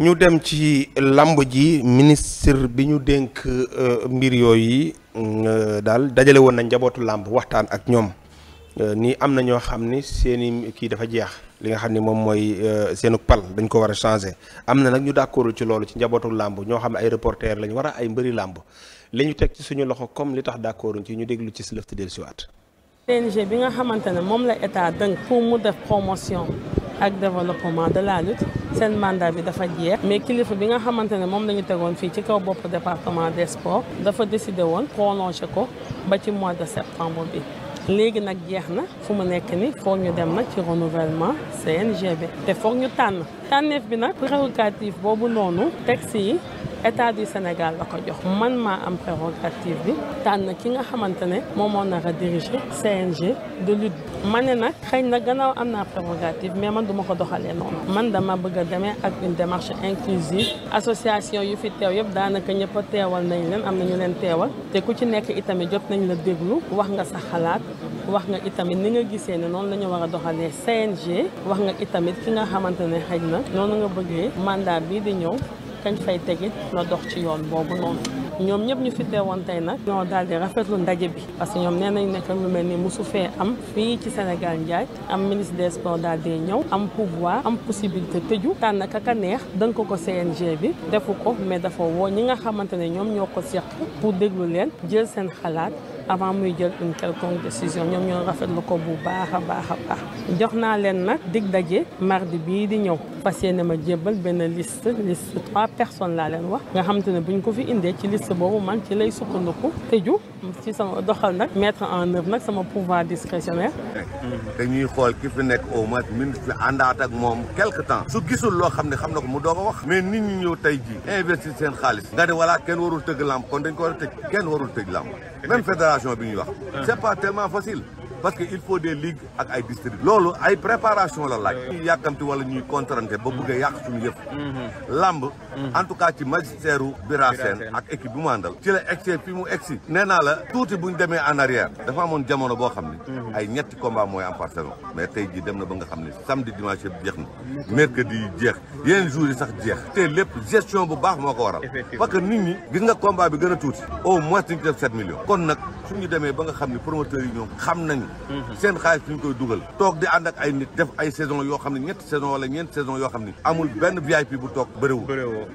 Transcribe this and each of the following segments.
ñu dem ci làmb ji ministre bi ñu dénk euh, mbir yooyu euh, daal dajale woon na njabootu làmb waxtaan ak ñoom euh, ni am na ñoo xam ni seeni kii dafa jeex li nga xam ni moom mooy seenu pal dañ ko war a changé am na nag ñu d'accordul ci loolu ci njabootu làmb ñoo xam ne ay reporter lañu war a ay mbëri làmb li ñu teg ci suñu loxo comme li tax d'accorduñ ci ñu déglu ci si lëf si dellusiwaat. PNG bi nga xamante moom la état dënk pour mu def promotion. ak développement de la lutte seen mandat bi dafa jeex mais kilifa bi nga xamante ne moom la ñu tegoon fii ci kaw bopp département des sports dafa décidé woon prolongé ko ba ci mois de septembre bi léegi nag jeex na fu mu nekk ni foog ñu dem nag ci renouvellement CNG bi te foog ñu tànn tànneef bi nag prérogative boobu noonu texte yi état du Sénégal la ko jox man maa am prérogative bi tànn na ki nga xamante ne moom moo nar a diriger CNG de lutte ma ne nag xëy na gannaaw am naa prérogative mais man duma ko doxalee noonu man dama bëgg a demee ak une démarche inclusive association yu fi teew yëpp daanaka ñëpp teewal nañ leen am na ñu leen teewal te ku ci nekk itamit jot nañ la déglu wax nga sa xalaat wax nga itamit ni nga gisee ne noonu la ñu war a doxalee CNG wax nga itamit ki nga xamante ne xëy na noonu nga bëggee mandat bii di ñëw kañ fay tege na dox ci yoon boobu noonu ñoom ñëpp ñu fi teewoon tey nag ñoo daal di rafetlu ndaje bi parce que ñoom nee nañ nekk lu mel ni mosu fee am fii ci Sénégal njaay am ministre des sports daal ñëw am pouvoir am possibilité tëju tànn ka ka neex dënk ko CNG bi defu ko mais dafa woo ñi nga xamante ne ñoom ñoo ko seq pour déglu leen jël seen xalaat avant muy jël une quelconque décision ñoom ñoo rafet rafetlu ko bu baax a baax a baax jox naa leen nag dig daje mardi bii di ñëw fas ne ma jébbal benn liste liste trois personnes laa leen wax nga xam te ne buñ ko fi indee ci list boobu man ci lay sukkandiku tëju ci sama doxal nag mettre en œuvre nag sama pouvoir discrétionnaire ñuy xool ki fi nekk au moins ministre bi àndaat ak moom quelque temps su gisul loo xam ne xam na ko mu doo a wax mais nit ñi ñëw tey jii investir seen xaalis nga ne voilà warul tëgg làmb kon dañ ko a tëj kenn warul tëj làmb fédération bi ñuy wax c'est pas tellement facile parce que il faut des ligues ak ay districts loolu ay préparation la laaj ñuy yàkkamti wala ñuy contrante ba bëgg a yàq suñu yëf mhm. lamb mhm. ci magistère u ak équipe bi mu àndal ci la egsi fi mu egsi nee la tuuti buñ demee en arrière dafa amoon jamono boo xam ne mhm. ay ñetti combat mooy am par mais tey ji dem na ba nga xam ne samedi dimanche yëpp jeex na mercredi jeex yeneen jours yi sax jeex te lépp gestion moo ko a tuuti au suñu demee ba nga xam ne promoteurs yi ñoom xam nañu seen xaalis fi ñu koy dugal toog di ànd ak ay nit def ay saison yoo xam ne ñetti saison wala ñeenti saison yoo xam ne amul benn VIP bu toog bëriwul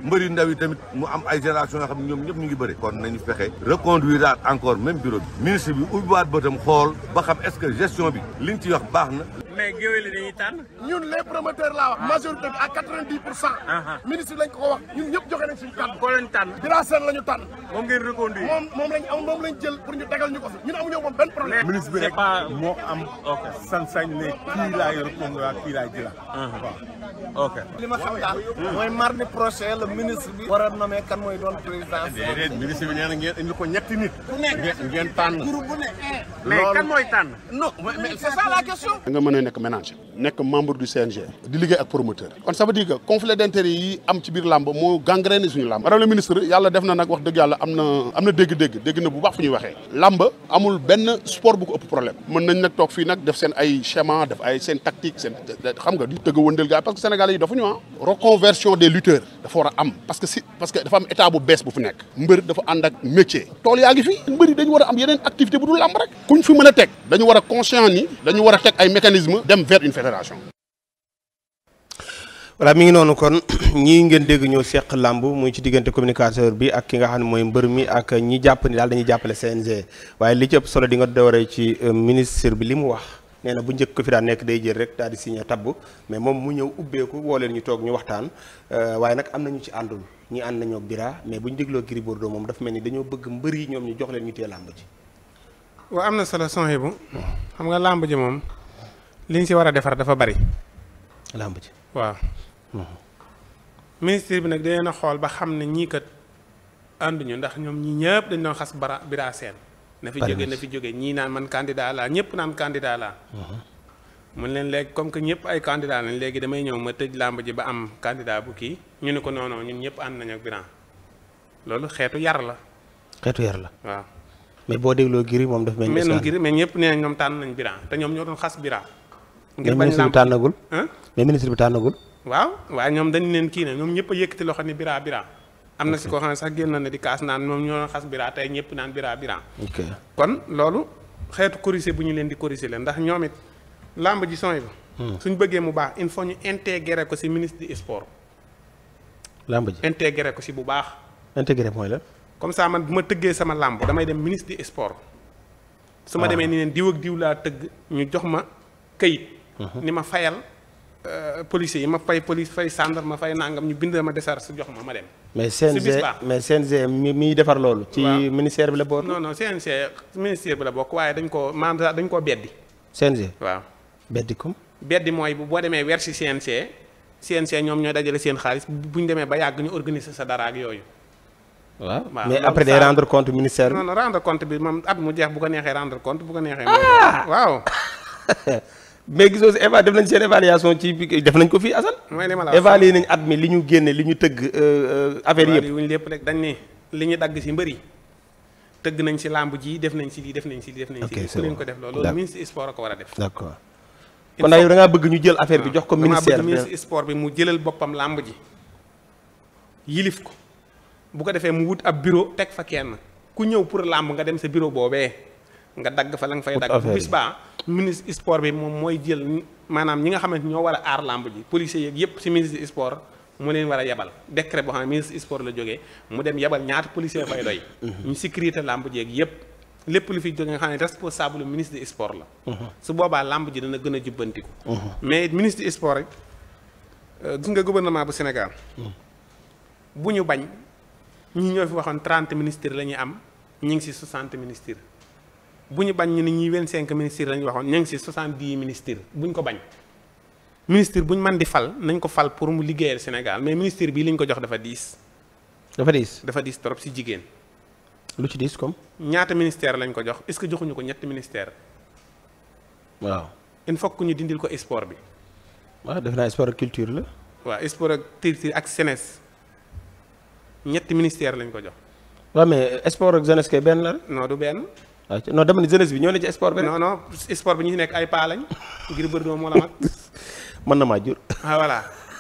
mbër yu ndaw yi tamit mu am ay génération yoo xam ne ñoom ñëpp ñu ngi bëri kon nañu fexe reconduire daal encore même bureau bi ministre bi ubbiwaat bëtam xool ba xam est que gestion bi liñ ci wax baax na mais géwél yi dañuy tànn ñun les promoteurs laa wax majorité bi à pour cent ah, ah. ministre ko ko wax ñun la ñu tànn tegal ñu ko fi ñun bi moo am. ok sañ-sañ ne kii laa yor Congo ma xam daal mooy la ministre bi. war a nommer kan mooy doon eh, bi nee na ngeen ko ñetti nit. ku nekk ngeen tànn. groupe bu nekk. Eh. mais kan mooy tànn. non mais c'est ça nga mën a nekk ménager. nekk membre du CNG. di liggéey ak promoteur. kon ça veut dire que conflit d'intérêt yi am ci biir làmb moo gangréné suñu làmb. madame la ministre yàlla def na nag wax dëgg yàlla am na am na dégg-dégg dégg na bu baax fu ñuy waxee làmb amul benn sport bu ko ëpp problème mën nañ nag toog fii nag def seen ay schéma def ay seen tactique seen xam nga du tëgg wëndeel gars parce que sénégalais yi dafa ñu ah reconversion des lutteurs dafa war a am parce que si parce que dafa am état bu bees bu fi nekk mbër dafa ànd ak métier tool yaa ngi fi mbër yi dañu war a am yeneen activité bu dul làmb rek kuñ fi mën a teg dañu war a conscient ni dañu war a teg ay mécanisme dem vers une fédération voilà mi ngi noonu kon ñii ngeen dégg ñoo seq làmb muy ci diggante communicateur bi ak ki nga xam ne mooy mbër mi ak ñi jàpp ni daal dañuy jàppale CNG waaye li ci solo di nga dooree ci euh, ministre bi li mu wax nee na bu njëkk ko fi daan nekk day jël rek daal di signé tabb mais moom mu ñëw ubbeeku woo leen ñu toog ñu waxtaan euh, waaye nag am na ñu ci àndul ñi ànd nañoo bira mais bu ñu dégloo Gris Bordeaux moom dafa mel ni dañoo bëgg mbër yi ñoom ñu jox leen ñu téye làmb ji. am na solo son bu xam nga làmb ji moom liñ si war a defar dafa bari. làmb ji Mhm. ministre bi nag dinañ na xool ba xam ne ñii kat ñu ndax ñoom ñi ñëpp dañ doon xas bara bira seen na fi jóge na jóge ñii naan man candidat laa ñëpp naan candidat laa mhm. mun leen léegi comme que ñëpp ay candidat léegi damay ñëw ma tëj làmb ji ba am candidat bu kii ñu ne ko noonoo ñun ñëpp ànd nañ ak loolu xeetu yar la xeetu yar la mais boo dégloo giri moom daf mel ni giri mais ñëpp nee ñoom tànn nañ biran te ñoom ñoo doon xas biran ngir bañ làmb tànnagul mais ministre bi tànnagul waaw waaye ñoom dañu leen kii ne ñoom ñëpp a yëkkati loxo ni biraa biraa am na si ko xam ne sax génn na di kaas naan moom ñoo xas biraa tey ñëpp naan biraa biraa kon loolu xeetu corriger bu ñu leen di corriger leen ndax ñoom it làmb ji son bi hmm. suñ bëggee mu baax il faut ñu intégrer ko si ministre du sport ji intégrer ko si bu baax intégrer mooy la comme saa man bu ma tëggee sama làmb damay dem ministre du sport su ma ah. demee ni leen diw ak diw laa tëgg ñu jox ma këyit hmm. ni ma fayal Euh, policiers yi ma fay police fay sàndar ma fay nangam ñu bindal ma desar su jox ma ma dem. mais CNG mais CNG mi miy defar loolu. ci ministère bi la bokk. non non bokk waaye dañ koo maanaam dañ koo beddi. CNG waaw. beddi ko. beddi mooy boo demee weer si CNG. CNG ñoom ñooy dajale seen xaalis bu ñu demee ba yàgg ñu organiser sa dara ak yooyu. waaw mais après day rendre compte ministère bi. non non rendre bi moom at mu jeex bu ko neexee rendre compte bu ko neexee. Ah! waaw. mais gisoo si éva def nañ seen évaluation ci def nañ ko fii Assane. mooy li ma la wax nañ at mi li ñu génne li ñu tëgg euh, euh, affaire yëpp. waaw lépp rek dañ ni li ñu dagg si mbëri tëgg nañ si làmb jii def nañ si lii def nañ si lii def nañ si lii. ok ku ko def loolu loolu ministre sport a ko war a def. d'accord kon nag yow da bëgg ñu jël affaire bi ah, jox ko. ministère bi ministre sport bi mu jëlal boppam làmb ji yilif ko bu ko defee mu wut ab bureau teg fa kenn ku ñëw pour làmb nga dem sa bureau boobee. nga dagg fa la nga fay dagg bu bis baa ministre sport bi moom mooy jël maanaam ñi nga xamante ñoo war a aar làmb ji policiers yeeg yépp ci ministre sport mu leen war a yebal décret boo xam ne ministre sport la jógee mu dem yabal ñaata policier fay doy mhm. ñu sécurité làmb jeeg yépp lépp lu fi jóge nga xam ne responsable ministre de sport la mhm. su boobaa làmb ji dana gën a jubbantiku mhm. mais ministre de sport rek euh, gis nga gouvernement bu Sénégal bu ñu bañ ñi ñoo fi waxoon trente ministres la ñuy am ñu ngi ci soixante ministres bu ñu bañ ñu ne ñii 25 ministres lañu waxoon ñu ngi si 70 ministres bu ñu ko bañ ministre bu ñu mën di fal nañ ko fal pour mu liggéeyal Sénégal mais ministre bii lañ ko jox dafa diis. dafa diis dafa diis trop si jigéen. lu ci diis comme. ñaata ministère lañ ko jox est-ce que joxuñu ko ñetti ministère waaw il faut ñu dindil ko sport bi. waaw def naa sport ak culture la. waa sport ak culture ak senes ñetti ministère lañ ko jox. waaw mais sport ak jeunesse kay benn la. non du benn. Ah, non dama ni jeunesse bi ñoo ne ci sport bi non sport bi ñu nekk ay paa lañ ngir bëri doo moo la mag. mën na maa jur. ah voilà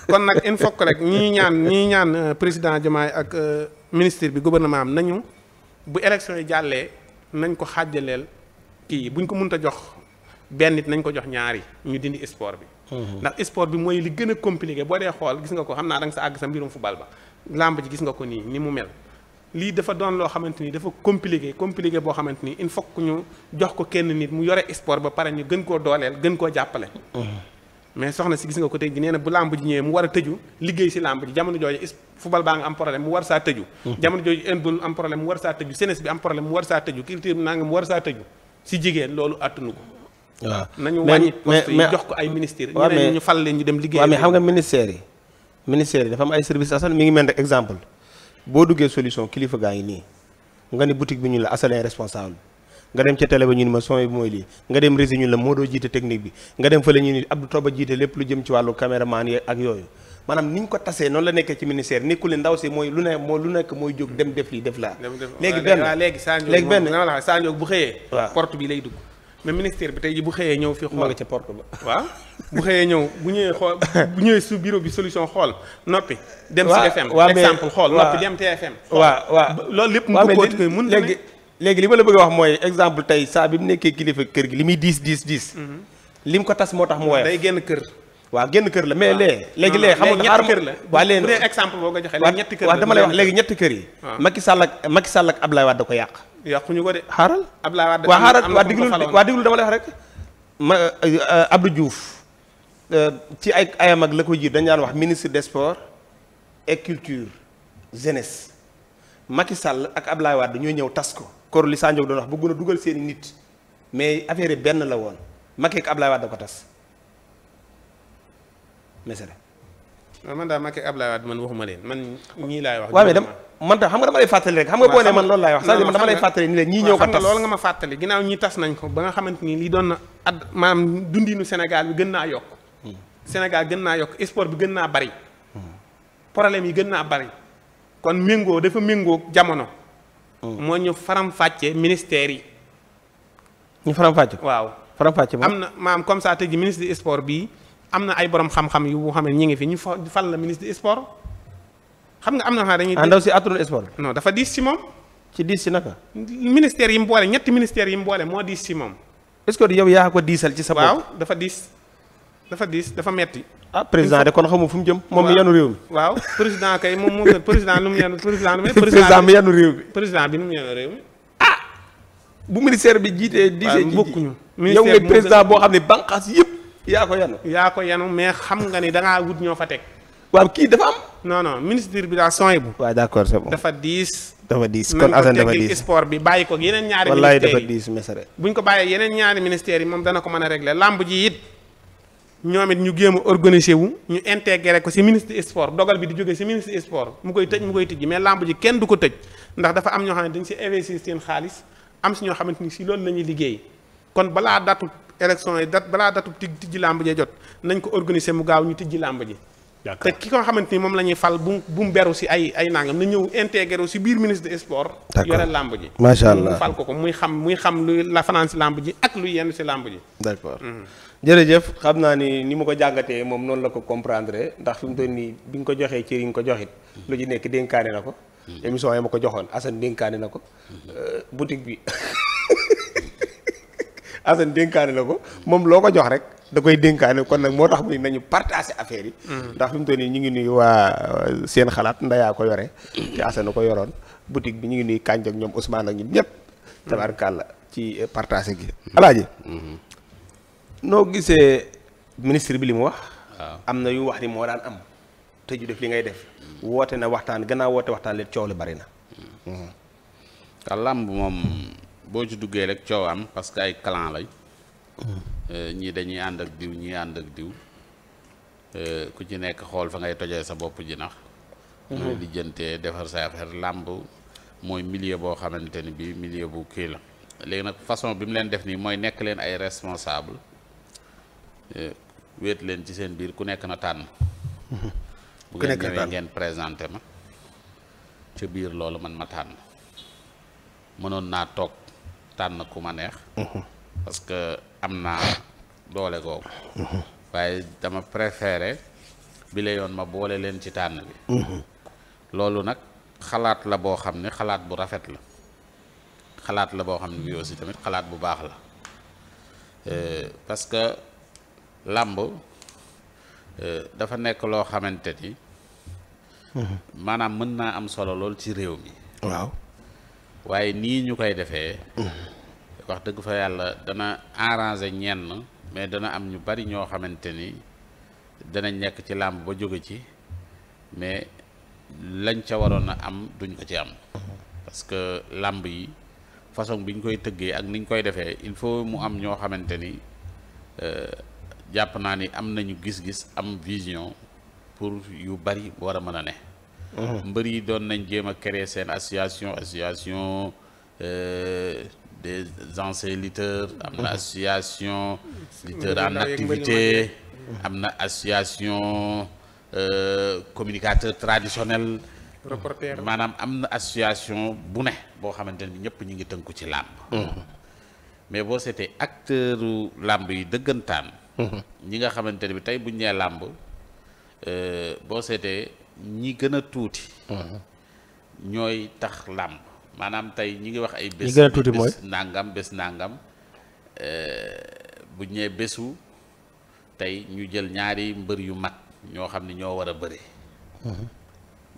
kon nag il faut rek ñii ñaan ñuy ñaan euh, président Diomaye ak euh, ministre bi gouvernement am nañu bu élection yi jàllee nañ ko xaajaleel kii buñ ko mënut a jox benn nit nañ ko jox ñaari ñu dindi sport bi. Mhm. ndax sport bi mooy li gën a compliqué boo dee xool gis nga ko xam naa danga sa àgg sa mbirum football ba. làmb ji gis nga ko nii ni mu mel. lii dafa doon loo xamante ni dafa compliqué compliqué boo xamante ni il faut que ñu jox ko kenn nit mu yore sport ba pare ñu gën koo dooleel gën koo jàppale. mais soxna si gis nga ko tey ji nee na bu làmb ji ñëwee mu war a tëju liggéey si làmb ji jamono jooju football baa nga am problème mu war saa tëju. jamono jooju handball am problème mu war saa tëju jeunesse bi am problème mu war saa tëju culture bi nangam mu war saa tëju si jigéen loolu attunu ko. waaw nañu wàññi poste yi jox ay ministère ñeneen ñu leen ñu dem liggéey. waaw mais xam nga ministère yi ministère yi dafa mi ngi mel ne exemple boo duggee solution kilifa gaa ngi nii nga ne boutique bi ñu la asalin responsable nga dem ca télé ba ñu ne ma son bi mooy lii nga dem rési ñu la moo doo jiite technique bi nga dem fële ñu ni Abdou Toba jiite lépp lu jëm ci wàllu caméraman yi ak yooyu maanaam ni ñu ko tasee noonu la nekkee ci ministère nekkul ndaw si mooy lu ne nekk mooy jóg dem def lii def laa léegi benn léegi benn léegi benn saa bu xëyee porte bi lay dugg mais ministère bi tey ji bu xëyee ñëw fii xool ca porte ba waaw bu xëyee ñëw bu ñëwee xool bu ñëwee su bureau bi solution xool noppi dem ci FM exemple xool noppi dem TFM waaw waaw loolu lépp mu bëggoon koy mun léegi li ma la bëgg wax mooy exemple tey saa bi nekkee kilifa kër gi li muy diis diis diis mhm. lim ko tas moo tax mu woyof day kër waaw génn kër la mais lee léegi lee xam nga ñetti kër la waa leen bu dee exemple boo ko joxee léegi ñetti kër la waaw lay wax léegi ñetti kër yi Macky Sall ak Macky Sall ak Abdoulaye Wade da ko yàq yàquñu ko de xaaral. Abdoulaye Wade waa xaaral waa diglu waa diglu dama lay wax rek. ma eh, Abdou Diouf eh, ci ay ayam ak la ko jiir dañu daan wax ministre des sports et culture jeunesse Macky sàll ak Abdoulaye Wade ñoo ñëw tas ko. kor li Sandiog doon wax bëggoon a dugal seeni nit mais affaire yi benn la woon Macky ak Abdoulaye Wade ko tas man daal Macky Abdoulaye Wade man waxuma leen man ñii laay wax. waaw mais dama man tam xam nga dama lay fàttali rek. xam nga boo nee man loolu laay wax. c'est-à-dire man dama lay fàttali ni la ñii ñëw ko tas. loolu nga ma fàttali ginnaaw ñi tas nañ ko ba nga xamante ni lii doon na ad maam dundinu Sénégal bi gën naa yokk. Hmm. Sénégal gën naa yokk sport bi gën naa bari. Hmm. problème yi gën naa bari. kon méngoo dafa méngoo jamono. Hmm. moo ñu faram-fàccee ministère yi. ñu faram-fàcce waaw faram-fàcce na maam comme ça tey ji ministre bii am na ay borom xam-xam yu nga xam ne ñu ngi fi ñu fal la ministre des sports xam nga am na xam dañuy. àndaw ah, si atul sport. non dafa diis si moom. ci diis si naka. ministère yi mu boole ñetti ministère yi mu boole moo diis si moom. est-ce que ko diisal ci sa bopp. waaw dafa diis dafa diis dafa metti ah président de kon xamu fu mu jëm. moom mi yanu réew mi. waaw président kay moom moom président lu mu yanu président lu mu. président réew mi président bi nu mu yanu réew mi. ah bu ministère bi jiitee. waaw bokkuñu. ministère yow président boo xam ne bànqaas yëpp. yaa ko yanu yaa ko yanu mais xam nga ni da ngaa wut ñoo fa teg. waaw kii dafa am. non ministre bi daal son bu. waaw d' accord c' est dafa diis. kon Assane dafa diis sport bi bàyyi ko yeneen ñaari. wallaay dafa diis mesare. bu ñu ko bàyyee yeneen ñaari ministères yi moom dana ko mën a régler làmb ji it ñoom it ñu géem a organiser wu ñu intégré ko si ministre sport dogal bi di jógee si ministre sport mu koy tëj mu koy tijji mais làmb ji kenn du ko tëj ndax dafa am ñoo xam ne dañ si investir seen xaalis am si ñoo xamante ni si loolu la liggéey kon balaa datu élection yi dat balaa datu ti tijji làmb jee jot nañ ko organiser mu gaaw ñu tijji làmb ji te ki ko xamante ni moom la ñuy fal bu bu mu beru si ay ay nangam na ñëw intégré si biir ministre des sports yore làmb ji macha allah fal ko muy xam muy xam luy la fanaan si làmb ji ak luy yenn si làmb ji d'accord mhm. jërëjëf xam naa ni ni mu ko jàngatee moom noonu la ko comprendre ndax fi mu toll nii bi nga ko joxee ci nga ko joxit lu ci nekk dénkaane na ko mhm. émission yi ma ko joxoon Assane dénkaane na ko mhm. euh, boutique bi Assane dénkaane la ko moom loo ko jox rek da koy dénkaane kon nag moo tax mu nañu partagé affaire yi. Mm. ndax fi mu nii ñu ngi nuyu waa euh, seen xalaat ndayaa ko yore. Mm. te na ko yoroon boutique bi ñu ngi nuyu Kànj ak ñoom Ousmane ak ñun ñëpp. Mm. tabaarkàlla ci euh, partagé gi. alaaji mm-hmm. noo gisee ministre bi li mu wax. am na yu wax ni moo daan am. te ju def li ngay def. woote na waxtaan gannaaw woote waxtaan leen coow li bari na. làmb moom. boo ci duggee rek coow am parce que ay clan lañ hmm. euh, ñii dañuy ànd ak diw ñii ànd ak diw euh, ku ci nekk xool fa ngay tojee sa bopp ji nax hmm. mooy lijjantee defar sa affaire làmb mooy millier boo xamante ni bi milieu bu kii la léegi nag façon bi mu leen def nii mooy nekk leen ay responsable euh, wéet leen ci seen biir ku nekk na tànn hmm. bu ngeen ñëwee ngeen présenté ma ca biir loolu man ma tànn mënoon naa toog tànn ku ma neex. Mhm. parce que am naa doole googu. Mhm. waaye dama préféré bi yoon ma boole leen ci tànn bi. Mhm. loolu nag xalaat la boo xam ne xalaat bu rafet la xalaat la boo xam ne bi aussi tamit xalaat bu baax la euh, parce que làmb euh, dafa nekk loo xamante ni. maanaam mën naa am solo lool ci réew mi. waaye nii ñu koy defee wax dëgg fa yàlla dana arranger ñenn mais dana am ñu bari ñoo xamante ni danañ nekk ci làmb ba jóge ci mais lañ ca waroon a am duñ ko ci am parce que làmb yi façon bi ñu koy tëggee ak ni ñu koy defee il faut mu am ñoo xamante ni euh, jàpp naa ni am nañu gis-gis am vision pour yu bari war a mën a ne mbër yi doon nañ jéem a créer seen association association euh, des anciens lutteurs am na association am na association euh, communicateur traditionnel maanaam am na association bu ne boo xamante ne ñëpp ñu ngi tënku ci làmb mm-hmm. mais boo seetee acteur làmb yi dëggantaan mm-hmm. ñi nga xamante ne bi tey buñ ñee làmb euh, boo seetee ñi gën a tuuti. Mhm. ñooy tax làmb maanaam tey ñi ngi wax ay. bés ñi gën a tuuti nangam bés nangam eh, bu ñëwee bésu tey ñu jël ñaari mbër yu mag ñoo xam ne ñoo war a bëri. Mhm.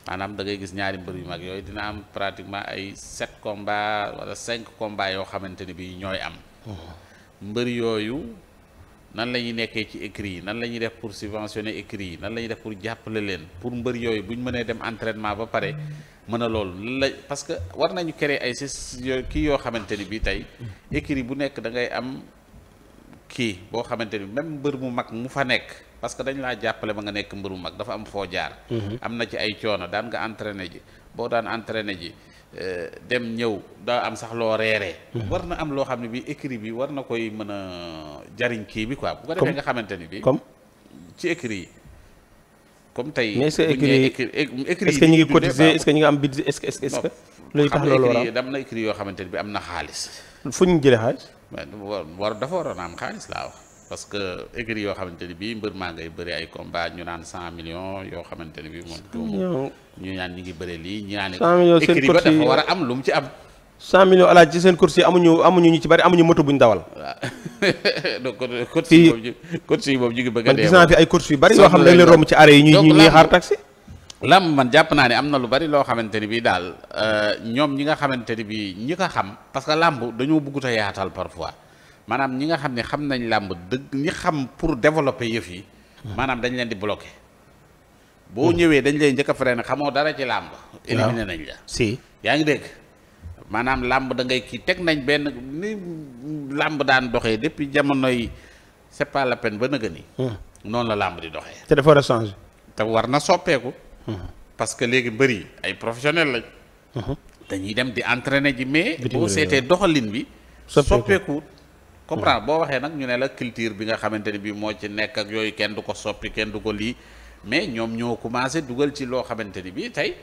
maanaam da ngay gis ñaari mbër yu mag yooyu dina am pratiquement ay sept combats wala cinq combats yoo xamante ni bii ñooy am. Mhm. mbër yooyu. nan la ñuy nekkee ci écrit yi nan la ñuy def pour subventionner écrit yi nan la def pour jàppale leen pour mbër yooyu bu ñu mënee dem entraînement ba pare mën a loolu la parce que war nañu créer ay si kii yoo xamante ni bii tey écrit bu nekk da ngay am kii boo xamante ni même mbër mu mag mu fa nekk parce que dañ laa jàppale ba nga nekk mbër mu mag dafa am foo jaar. Mhm. am na ci ay coono daan nga entraîné ji boo daan entraîné ji. Euh, dem ñëw daa am sax loo reeree. war na am loo xam ne bi écrit bi war na koy mën a jariñ kii bi quoi. bu ko defee nga xamante ni bi comme ci écrit yi. comme tey mais est ce que écrit est ce que ñu ngi cotiser est ce que ñu ngi am budget est ce que est ce que. loolu tax loolu war a am na écrit yoo xamante ne bi am na xaalis. fu ñu jëlee xaalis. war dafa waroon a am xaalis laa wax. parce que écurie yoo xamante ni bii mbër maa ngay bëri ay combat ñu naan cent millions yoo xamante ni bii moom. ñu naan ñu ngi bëri lii ñu naan. cent millions seen course yi dafa war a am lu mu ci am. cent millions alaaj ci seen course yi amuñu ñu ci bëri amuñu moto buñ dawal. waaw donc course yi boobu course yi ñu bëgg a. man gis naa fi ay course yu bëri yoo ñuy xaar taxi. lam man jàpp naa ne am na lu bari loo xamante ni bii daal euh, ñoom ñi nga xamante ni bii ñi ko xam parce que làmb dañoo bëggut a yaatal parfois maanaam ñi nga xam ne xam nañ làmb dëgg ñi xam pour développer yëf yi. Hmm. maanaam dañ leen di bloqué. boo hmm. ñëwee dañ leen njëkk a freiné xamoo dara ci làmb. éliminé nañ la si. yaa ngi dégg maanaam làmb da ngay kii teg nañ benn ni làmb daan doxee depuis jamonoy c'est pas la peine ba nëgë ni hmm. noonu la làmb di doxee. te dafa a changer. te war na soppeeku. parce que léegi mbëri ay professionnel lañ. dañuy dem di entraîner ji mais. boo seetee doxalin bi. soppeeku comprendre boo waxee nag ñu ne la culture bi nga xamante ni bii moo ci nekk ak yooyu kenn du ko soppi kenn du ko lii mais ñoom ñoo commencé dugal ci loo xamante ni bii tey.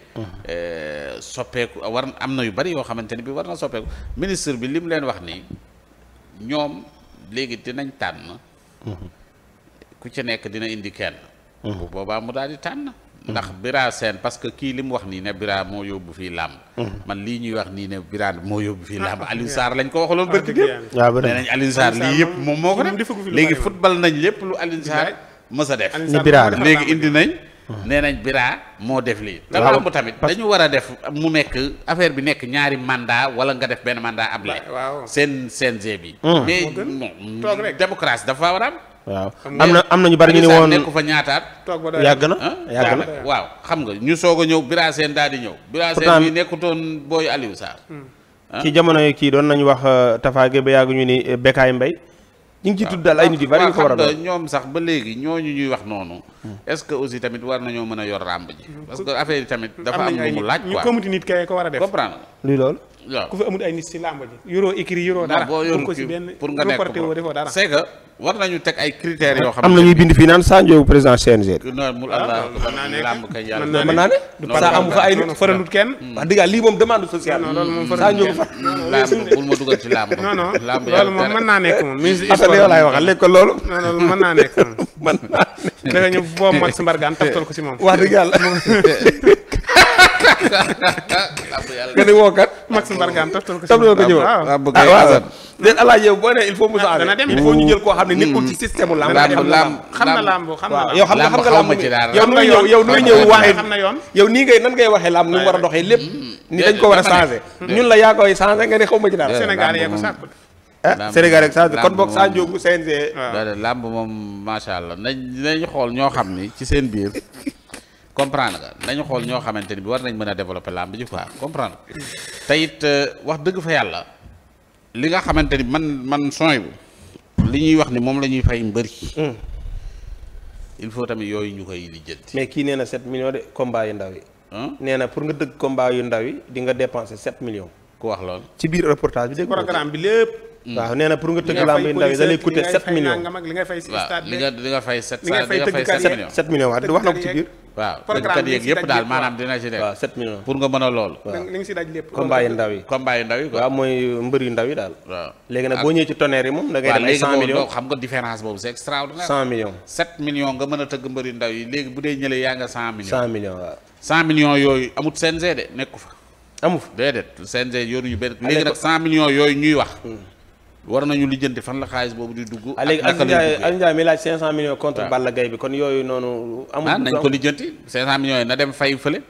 Euh, soppeeku war am na yu bari yoo xamante ni bii war na soppeeku ministre bi li mu leen wax nii ñoom léegi dinañ tànn. ku ci nekk dina indi kenn. boobaa mu daal di tànn. ndax Bira Sène parce que kii li mu wax nii ne Bira moo yóbbu fii làmb man lii ñuy wax nii ne Bira moo yóbbu fii làmb ah, Aliou Sarr lañ ko waxaloon ah, bërki dépp nee nañ Aliou lii yëpp moom moo ko def léegi football nañ lépp lu Aliou Sarr mës a def léegi indi nañ nee nañ Bira moo def lii te làmb tamit dañu war a def mu nekk affaire bi nekk ñaari mandat wala nga def benn mandat ab lay seen g bi hmm. mais démocratie dafa war waaw am na am na ñu bari ñu ni woon nekk fa ñaataat yàgg na yàgg na waaw xam nga ñu soog a ñëw Bira Sène daal di ñëw Bira Sène bi nekkutoon booy Aliou Sarr hmm. ci jamono yi kii doon nañu wax euh, tafaage ba yàgg ñu ni euh, Bécaye Mbaye ñu ngi ci tuddal ay nit yu bari ñu ko war a ñoom sax ba léegi ñooñu ñuy wax noonu Mm. est-ce que aussi tamit war nañoo mën a yor ràmb ji. parce que affaire yi tamit. dafa am lu mu laaj quoi ko fi amul ay nit si làmb ji. yoroo écrit yoroo dara boo ko si benn pour nga nekk c'est que war nañu saa amu ah, fa ay nit faralut ma dugal ci làmb. non non loolu moom mën naa nekk moom. ministre yow laay waxal léegi kon loolu. non naa nekk moom. boo Max Mbargane taftal ko si moom. wax dëgg yàlla. nga ne woo kat. Max Mbargane taftal ko si moom. Ah, waaw ah, bëgg naa leen alaaj yow boo ne il faut Moussa ah, dana dem il faut ñu mm. jël koo xam ne mm. nekkul ci système lamb lamb xam na lamb xam na yow xam nga xam nga lamb yow nuy ñëw yow nuy waxee na yoon yow nii ngay nan ngay waxee lamb nu mu war a doxee lépp mm. ni dañ ko war a changé ñun la yaa koy changé nga ne xaw ma ci dara ah Sénégal rek Sadio kon boog Sadio bu CNG. waaw ah. làmb moom macha allah nañ nañ xool ñoo xam ni ci seen biir. comprendre nga nañu xool ñoo xamante ni bi war nañ mën a développer làmb ji quoi comprendre te it euh, wax dëgg fa yàlla li nga xamante ni man man sony bu li ñuy wax ni moom la ñuy fay mbëri hmm. il faut tamit yooyu ñu koy lijjanti mais kii nee na sept millions de combat yu ndaw yi nee na pour nga dëgg combat yu ndaw yi di nga dépenser sept millions ku wax loolu ci biir reportage Mm. waaw nee pour nga tëgg lamb yi ndaw yi da lay coûter 7 millions li nga fay li nga li nga fay 7 millions 7 millions waaw wax na ko ci biir waaw tëggkat yeeg yëpp daal maanaam dina ci nekk pour nga mën a loolu combat yi ndaw yi combat yi ndaw yi waaw mooy mbër yu ndaw yi léegi nag boo yi a tëgg mbër yu ndaw yi léegi bu dee ñële yaa nga 100 millions 100 yooyu amut CNG de nekku fa amu fa déedéet CNG ñuy wax hmm. war nañu lijjanti fan la xaalis boobu di dugg. ak léegi Aliou Ndiaye mi laaj 500 millions contre Balla Gaye bi kon yooyu noonu. amul ah nañ ko lijjanti 500 millions yi na dem fay fële.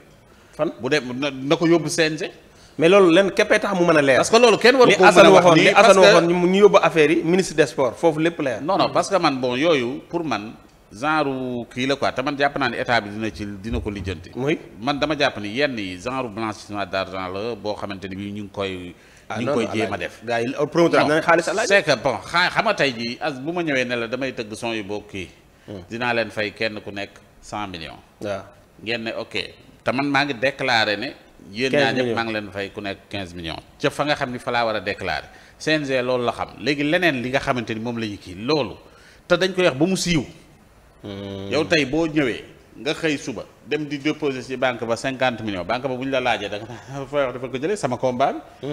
fan bu dem na ko yóbbu CNG. mais loolu leen a leer. parce que loolu kenn waru mën a wax nii parce que li Assane waxoon li Assane waxoon yi ministre des sports foofu lépp leer. non non parce que man bon yooyu pour man genre kii la quoi te man jàpp naa ni état bi dina ci dina ko lijjanti. muy man dama jàpp ni yenn yi genre blanchiment d'argent la boo xamante ni bii ñu ngi koy. Ah, ñu ngi koy jéem a def gars yi promoteur am na xaalis à laaj c'est que bon xam tey jii as bu ma ñëwee ne la damay tëgg son yu bokk yi hmm. dinaa leen fay kenn ku nekk cent millions waaw ngeen ne ok te man maa ngi déclaré ne yéen ñaa ñëpp maa ngi leen fay ku nekk quinze million ca fa nga xam ni fa laa war a déclaré CNG loolu la xam léegi leneen li nga xamante ni moom la ñu kii loolu te dañ koy wax bu mu siiw hmm. yow tey boo ñëwee nga xëy suba dem di déposer ci banque ba cinquante millions banque ba bu ñu la laajee da nga fooy wax dafa ko jëlee sama combat bi.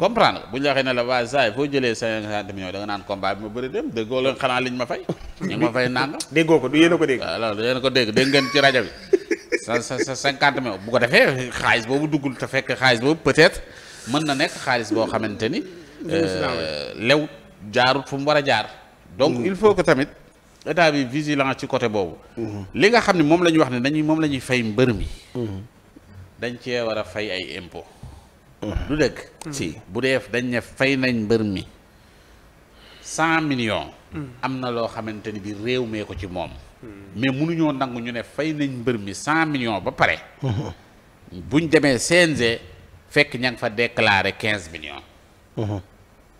comprendre bu ñu la waxee ne la waa saay yi foo jëlee cinquante millions da nga naan combat bi ma bëri dem déggoo leen xanaa liñ ma fay. ñu ma fay nangam. déggoo ko du yéen a ko dégg. alors du yéen ko dégg dégg ngeen ci rajo bi sa sa cinquante millions bu ko defee xaalis boobu duggul te fekk xaalis boobu peut-être mën na nekk xaalis boo xamante ni. Euh, lew jaarut fu mu war a jaar. donc il faut que tamit. état bi vigilant ci côté boobu. li nga xam ne moom la ñuy wax ne dañuy moom la ñuy fay mbër mi. dañ cee war a fay ay impôt du dëgg. si bu dee dañ ne fay nañ mbër mi cent million am na loo xamante ni bi réew mee ko ci moom. mais mënuñoo nangu ñu ne fay nañ mbër mi cent million ba pare. buñ demee CNG fekk ña fa déclaré quinze millions.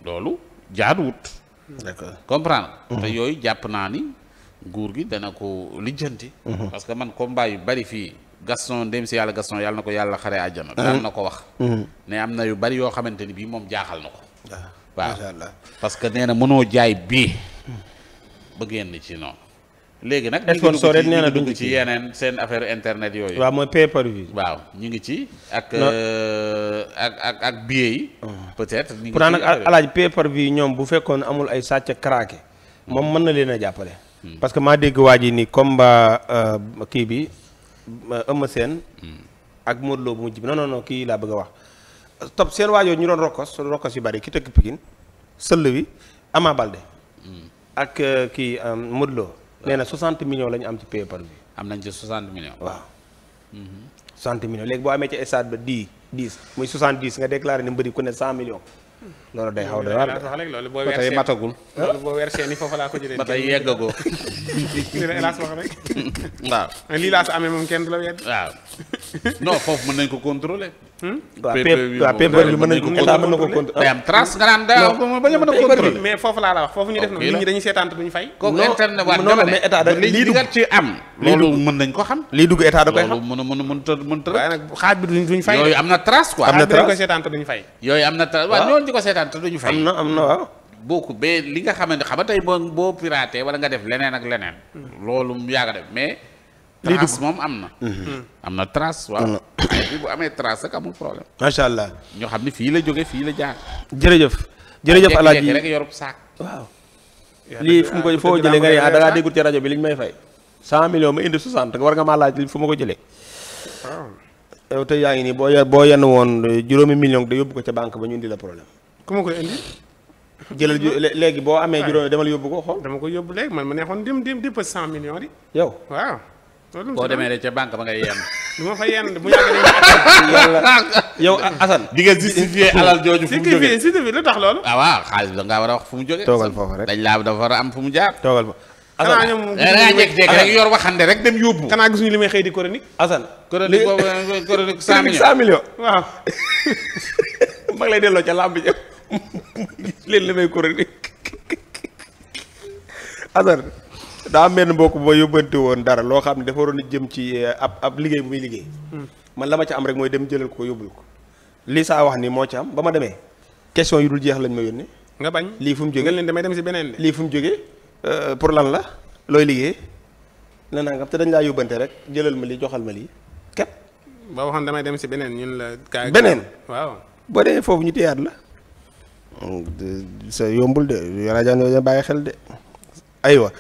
loolu jaaduwut. d'accord comprendre te mhm. yooyu jàpp naa ni nguur gi dana ko lijjanti. Mhm. parce que man combat yu bari fii Gaston dem si yàlla Gaston yàlla na ko yàlla xare àjjana mhm. daan na ko wax ne am na yu bari yoo xamante ni bii moom jaaxal na ko ah, waaw parce que nee na mënoo jaay bii ba génn ci noonu léegi nag sponsor rek nee na dugg ci yeneen seen affaire internet yooyu. waaw mooy pay per waaw ñu ngi ci ak. Euh, ak ak ak yi. Oh. peut-être ñu ngi ci pourtant nag alaaj pay per ñoom bu fekkoon amul ay sàcc craqué moom mën na leen a jàppale. Hmm. parce que maa dégg waa ji ni combat euh, kii bi euh, Eumeu Sène. Hmm. ak Modou Lo bu mujj bi non non kii laa bëgg a wax. top seen waajoo ñu doon rokkos rokkos yu bari ki tëkk Pikine sëll bi Ama Balde. Hmm. ak kii Modou nee na 60 millions la ñu am ci pay per view. am nañ ci 60 millions. waaw. léegi boo amee ci stade ba 10 10 muy 70 nga déclaré ne mbëri ku ne 100 loolu day xaw a doy waar de loolu boo wersee matagul. loolu boo wersee ni foofu laa ko jëlee. ba tey yeggagoo. lii la wax rek. waaw lii laa sa amee moom kenn du la wedd. waaw non foofu mën nañ ko contrôler. Hmm? waaw pay-per-view bi mën nañ ko état mën na ko contrôler day am trace nga naan day am ba ñu a mais foofu laa la wax foofu ñu def na seetaan te duñu fay yooyu am na trace quoi am na ko seetaan te duñu fay yooyu am li nga xam nga tey boo boo piraté nga def leneen ak leneen hmm. loolu yaa nga def mais trace moom am na hmm. am na trace waaw bi bu amee trace rek amul problème. macha allah ñoo xam ne fii la jóge fii la jaar. jërëjëf. jërëjëf alaaji rek yorub saak. waaw. lii fu mu ko foo jëlee nga ne ah da ngaa déggul ci rajo bi li ñu may fay. 100 millions ma indi 60 war nga ma maa laaj fu ma ko jëlee. yow te yaa ngi nii boo boo yenn woon juróomi million da yóbbu ko ca banque ba ñu indi la problème. ku ma koy indi. jëlal léegi boo amee ah. juróomi demal yóbbu ko xool. dama ko yóbbu léegi man ma neexoon dem dem dépp 100 millions di. yow waaw. boo demee de ca banque ba ngay yenn. lu ma fa yenn bu yàgg dañuy yow Assane. di nga justifier alal jooju fu mu jógee si lu tax loolu. ah waaw xaalis bi da war a wax fu mu jógee. toogal foofu rek dañ laa dafa war a am fu mu jaar. toogal foofu. Assane eh, dangaa jékki-jékki rek yor waxande rek dem yóbbu. kanaa gisuñu li may xëy di chronique. Assane. chronique boobu eh, chronique cent millions cent millions. waaw. mag lay delloo ca làmb ja leen li may daa mel mbokk ba yóbbante woon dara loo xam ne dafa waroon a jëm ci eh, ab ab liggéey bu muy liggéey. Hmm. man la ma ci am rek mooy dem jëlal ko yóbbul ko lii saa wax ni moo ci am ba ma demee question yu dul jeex lañ ma yónni nga bañ lii fu mu jógee leen damay dem si beneen lii fu mu jógee eh, pour lan la looy liggéey na nangam te dañ laa yóbbante rek jëlal ma lii joxal ma lii képp. ba waxoon damay dem si beneen ñun la. kaay beneen waaw. boo demee foofu ñu téyaat la. Hmm, sa yombul de rajo bàyyi xel de aywa.